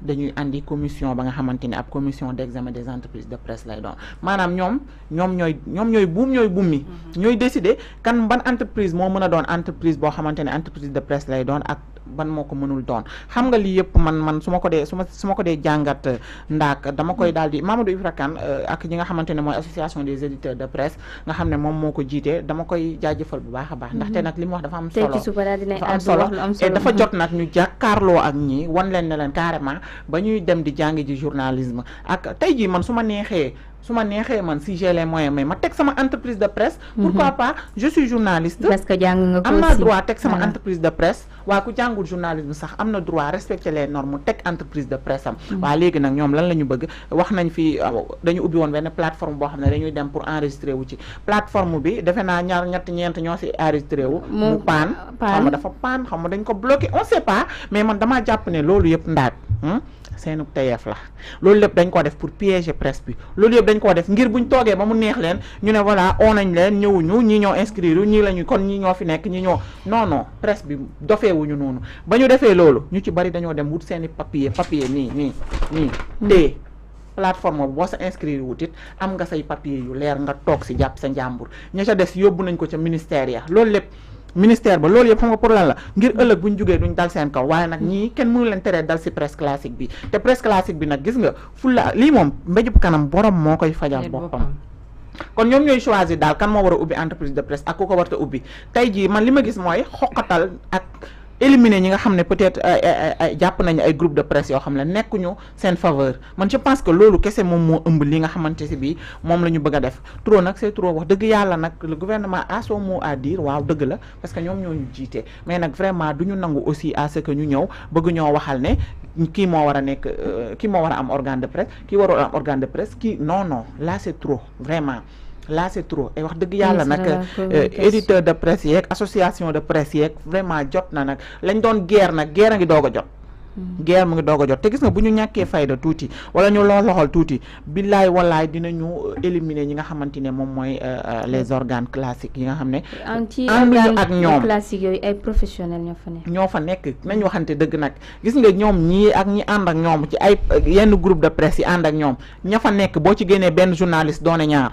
dañuy andi commission ba nga xamanteni ab commission d'examen des entreprises de presse lay doon manam ñom ñom ñoy ñom ñoy buum ñoy buum mi mhm. ñooy décider kan ban entreprise mo meuna doon entreprise bo xamanteni entreprise de presse lay doon ak ban moko ko mënul doon xam nga li yëpp man man suma ko dee suma ma ko dee jangat euh, ndak dama koy mhm. daldi Mamadou ifrakan Kane euh, ak ñi nga xamanteni moy association des éditeurs de presse nga xam mom moko jité dama koy jaajeufal bu baaxa baax ndax té mhm. nak limu wax dafa am solo té ci dafa am solo dafa jot nak ñu jakarlo ak ñi wan leen ne leen carrément ba ñuy dem di jàngi ji journalisme ak tey jii man su ma neexee su ma neexee man si j'ai les moyens mais ma teg sama entreprise de presse. Mhm. pourquoi pas je suis journaliste. parce que jàng nga ko am naa droit teg sama entreprise de presse. wa ku jàngul journalisme sax am droit respecter les normes teg entreprise de presse am. Mhm. waa léegi nag ñoom lan la ñu bëgg wax nañ fi ah, dañu ubbi woon benn plateforme boo xam ne dañuy dem pour enregistrer wu ci plateforme bi defe naa ñaar ñett ñeent ñoo si enregistré wu. mu paan paan xam nga dafa paan xam nga dañ ko bloqué on sait pas mais man dama jàpp ne loolu yëpp ndaat. Hmm? seenu tayeef la loolu lépp dañ ko def pour piéger presse bi loolu yëpp dañ ko def ngir buñ toogee ba mu neex leen ñu ne voilà oo nañ leen ñëwuñu ñi ñoo inscrire ñii la ñu kon ñii ñoo fi nekk ñi ñoo non non presse bi dofeewuñu noonu ba ñu defee loolu ñu ci bari dañoo dem wut seeni papier papier nii nii nii hmm. tée plateforme boo sa inscrire wut it am nga say papier yu leer nga toog si jàpp sa njàmbur ña ca des yóbbu nañ ko ca ministère ya loolu ministère ba loolu yëpp xam nga problème la ngir ëllëg bu ñu jugee duñ dal seen kaw waaye nag ñii kenn mënu leen teree dal si presse classique bi te presse classique bi nag gis nga fulla lii moom mbéjub kanam borom moo koy fajal boppam kon ñoom ñooy choisir daal kan moo war a ubbi entreprise de presse ak ku ko war a ubbi tey jii man li ma gis mooy xoqatal ak éliminer ñi nga xam ne peut-être jàpp nañu ay groupe de presse yoo xam ne nekkuñu seen faveur man je pense que loolu kese moom moo ëmb li nga xamante si bi moom la ñu bëgg a def trop nag c'est trop wax dëgg yàlla nag le gouvernement a son mot waaw dëgg la parce que ñoom ñoo ñu jiite mais nag vraiment du ñu nangu aussi à que ñu ñëw bëgg ñoo waxal ne kii moo war a nekk euh, kii moo war a am organe de presse kii warul am organe de presse kii non non là c'est trop vraiment là c'est trop et wax dëgg yàlla nag euh, éditeur de presse yeeg association de presse yeeg vraiment jot na nag lañ doon guerre nag guerre a ngi doog a jot hmm. guerre mu ngi doog a jot te gis nga bu ñu ñàkkee fayda tuuti wala ñu loo loxol tuuti billaay wallaay dinañu euh, éliminer ñi nga xamante ne moom mooy euh, les hmm. organes yi nga xam ne ànduñu ak ñoom classique yooyu ay professionnels ñoo fa nekk ñoo fa nekk nañ waxante dëgg nag gis nga ñoom ñii ak ñi ànd ak ñoom ci ay yenn groupe de presse yi ànd ak ñoom ña fa nekk boo ci génnee benn journaliste doone ñaar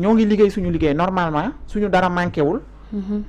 ñoo ngi liggéey suñu liggéey normalement suñu dara manqué wul. Mm-hmm.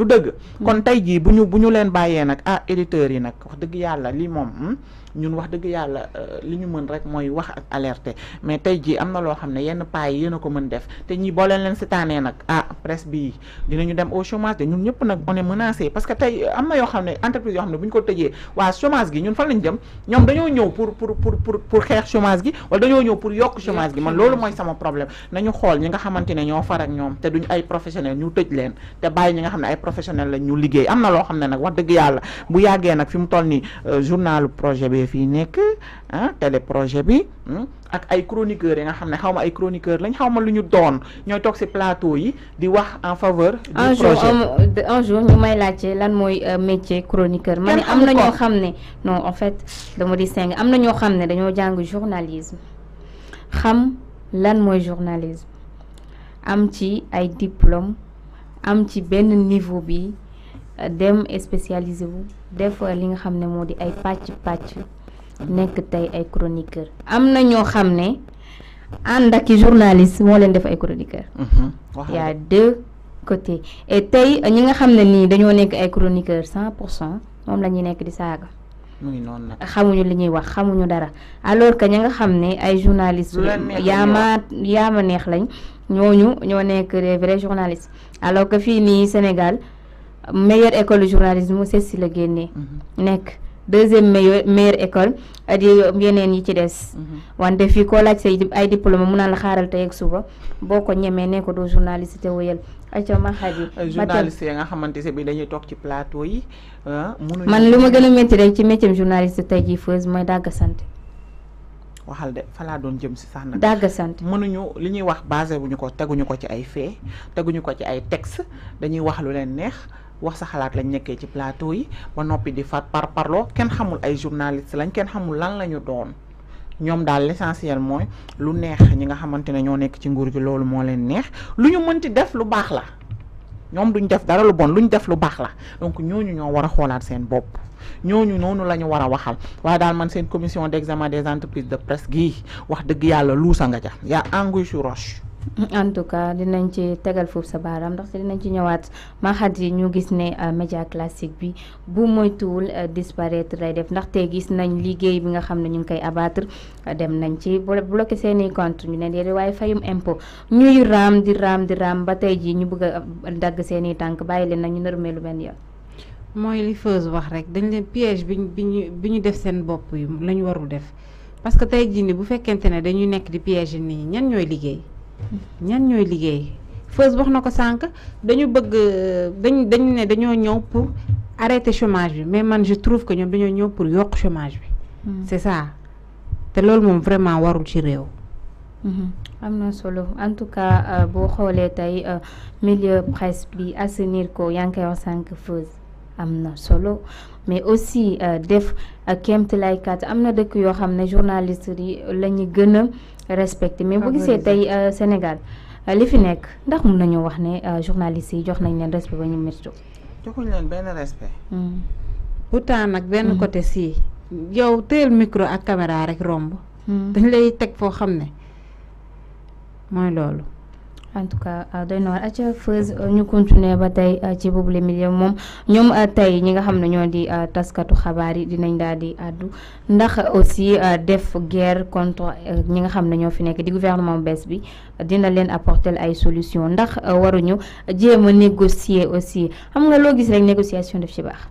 du deug mm. kon tay ji buñu buñu len ñu nak ah éditeur yi nak wax deug yalla li mom hmm, ñun wax deug yalla euh, li ñu mën rek moy wax ak alerter mais tay ji amna lo loo yenn pay yi a ko mën def te ñi bo len len sétané nak ah presse bi dinañu dem au chômage de ñun ñëpp nak on est menacé parce que tay amna yo yoo entreprise yo xam buñ ko tejé wa chômage gi ñun fa lañ dem ñom dañoo ñëw pour pour pour pour pour xex chômage gi wala dañoo ñëw pour yok chômage gi man loolu moy sama problème nañu xol ñi nga xamante ne ñoo far ak ñom te duñ ay professionnel ñu tëj len te bay ñi nga xam ay professionnel ñu liggéey amna na xamné nak wax dëgg yalla bu yàggee nak fimu mu toll nii euh, journalu projet bi fi nekk ah télé projet bi hmm, ak ay chroniqueurs yi nga xamné xawma ay chroniqueurs lañ xawma luñu doon ñoy tok ci plateau yi di wax en faveur. du projet un jour ñu may laccé lan moy euh, métier chroniqueur. man ne am na ñoo non en fait dama di sing amna na ñoo xam ne dañoo journalisme xam lan moy journalisme am ci ay diplôme am ci benn niveau bi euh, dem spécialisé wu def li nga xam ne moo di ay pàcc pàcc nekk tey ay chroniqueur am na ñoo xam ne ànd ak journaliste moo leen def ay chroniqueur mhm. y a deux côtés et tey ñi nga xam ne nii dañoo nekk ay chroniqueur cent pour cent moom la ñuy nekk di saaga mu xamuñu li ñuy wax xamuñu dara alors que ñi nga xam ne ay ma yaama yaama neex lañ ñooñu ñoo nekk des vrais journalistes alors que fii nii Sénégal meilleure école de journalisme mu seet si la génne mhm. nekk deuxième meilleure meilleure école ak yeneen yi ci des mm-hmm. wante fii koo laaj say ay diplôme mu naan la xaaral tey ak suba boo ko ñemee ne ko doo journaliste te wéyal aca ma xaji journaliste yi nga xamante ne bi dañuy toog ci plateau yi ah, man lu ma gën a métti rek ci métier journaliste tey jii feuse mooy dàgg sant waxal de fa doon jëm si sax nag dàgg sant mënuñu li ñuy wax basé wuñu ko teguñu ko ci ay fait teguñu ko ci ay tex dañuy wax lu leen neex wax sa xalaat lañ nekkee ci plateau yi ba noppi di fat par parloo kenn xamul ay journaliste lañ kenn xamul lan la ñu doon ñoom daal l'essentiel mooy lu neex ñi nga xamante ne ñoo nekk ci nguur gi loolu moo leen neex lu ñu mënti def lu baax la ñoom duñ def dara lu bon luñ def lu baax la donc ñooñu ñoo war a xoolaat seen bopp ñooñu noonu la ñu war a waxal waaye daal man seen commission d'examen des entreprises de presse gii wax dëgg yàlla luusa nga ja yaa anguille sous en tout cas dinañ ci tegal foofu sa baaraam ndaxte dinañ ci ñëwaat maxat yi ñu gis ne euh, média classique bi bu moytuwul euh, disparaître lay def ndaxte gis nañ liggéey bi nga xam ne ñu ngi koy abaatre euh, dem nañ ci bloqué seeni contre ñu ne dee waaye fayum impôt ñuy raam di raam di raam ba tey ji ñu bëgg a dagg seeni tànk bàyyi leen nañu ñu nërmee lu benn yoon mooy li Feuz wax rek dañ leen piège bi ñu bi ñu def seen bopp yi lañu warul def parce que tey jii ni bu fekkente ne dañuy nekk di piège nit ñan ñooy liggéey ñan ñoy liggéey Feuz wax na ko sànq dañu bëgg dañ dañ né dañoo ñëw pour arrêter chômage bi mais man je trouve que ñom dañoo ñëw pour yokk chômage bi. Mm-hmm. c'est ça té lool mom vraiment warul ci réew. Mm-hmm. am na solo en tout cas euh, boo xoolee tey euh, milieu presse bi assainir ko yaa ngi koy wax sànq Feuz. am na solo mais aussi euh, def euh, kéemtalaay kat am na dëkk yoo xam ne journaliste yi la ñu gën a respecté mais boo gisee tey euh, Sénégal li fi nekk ndax mun nañu wax ne journaliste yi jox nañ leen respect ba ñu métti. joxuñ leen benn respect. Hmm. pourtant nag benn hmm. côté si yow téyel micro ak camera rek romb. Hmm. dañ lay teg foo xam ne mooy loolu. en tout cas euh, doy na waar aca feuse euh, ñu continuer ba tey euh, ci boobule milieu moom ñoom tey ñi nga xam ne ñoo di taskatu xabaar yi dinañ daal di àddu ndax aussi def guerre contre ñi nga xam ne ñoo fi nekk di gouvernement bees bi dina leen apporter ay solution ndax waruñu jéem a négocier aussi xam nga loo gis rek négociation def ci baax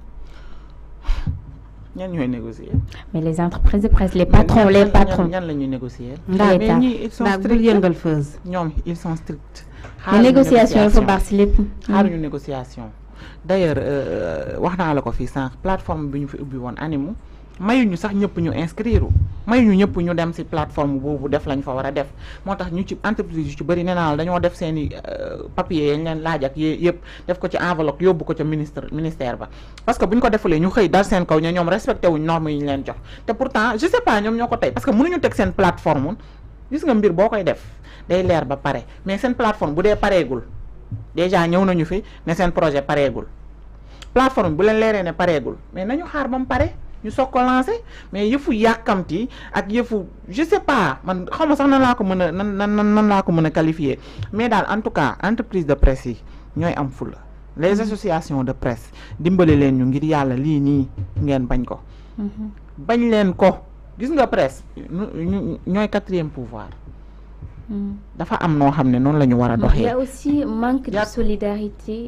ñan ñooy négocier. mais les entreprises de presse les patrons les patrons. ñan la négocier Mais ñi ils sont stricts ñom ils sont strict les négociations dafa baax si lépp. xaaruñu négociation d'ailleurs ailleurs euh, wax la ko fi sànq plateforme bi fi ubbi won animu mayuñu sax ñëpp ñu inscrire mayuñu ñëpp ñu dem ci plateforme boobu def lañ fa wara def moo tax ñu ci entreprise ci bëri nee naa def seen papie euh, papier yañ leen laaj ak def ko ci enveloppe yóbbu ko minister ministre ministère ba parce que buñ ko defulee ñu xëy dal seen kaw ñe ñoom respecté wu norme yi leen jox te pourtant je sais pas ñoom ñoo ko tey parce que mënuñu teg seen plateforme gis nga mbir boo def day lerba ba pare mais seen plateforme bu dee pareegul déjà ñëw nañu fi ne seen projet pareegul plateforme bu leen leeree ne pareegul mais nañu xaar pare ñu sommes mais il faut y yëfu je sais pas man ne pas, comment mais en tout cas entreprise de presse nous am les mhm. associations de presse len ñu ngir ngeen ko mhm. ko gis nga presse quatrième pouvoir mhm. dafa am la doxé. il y a aussi manque de solidarité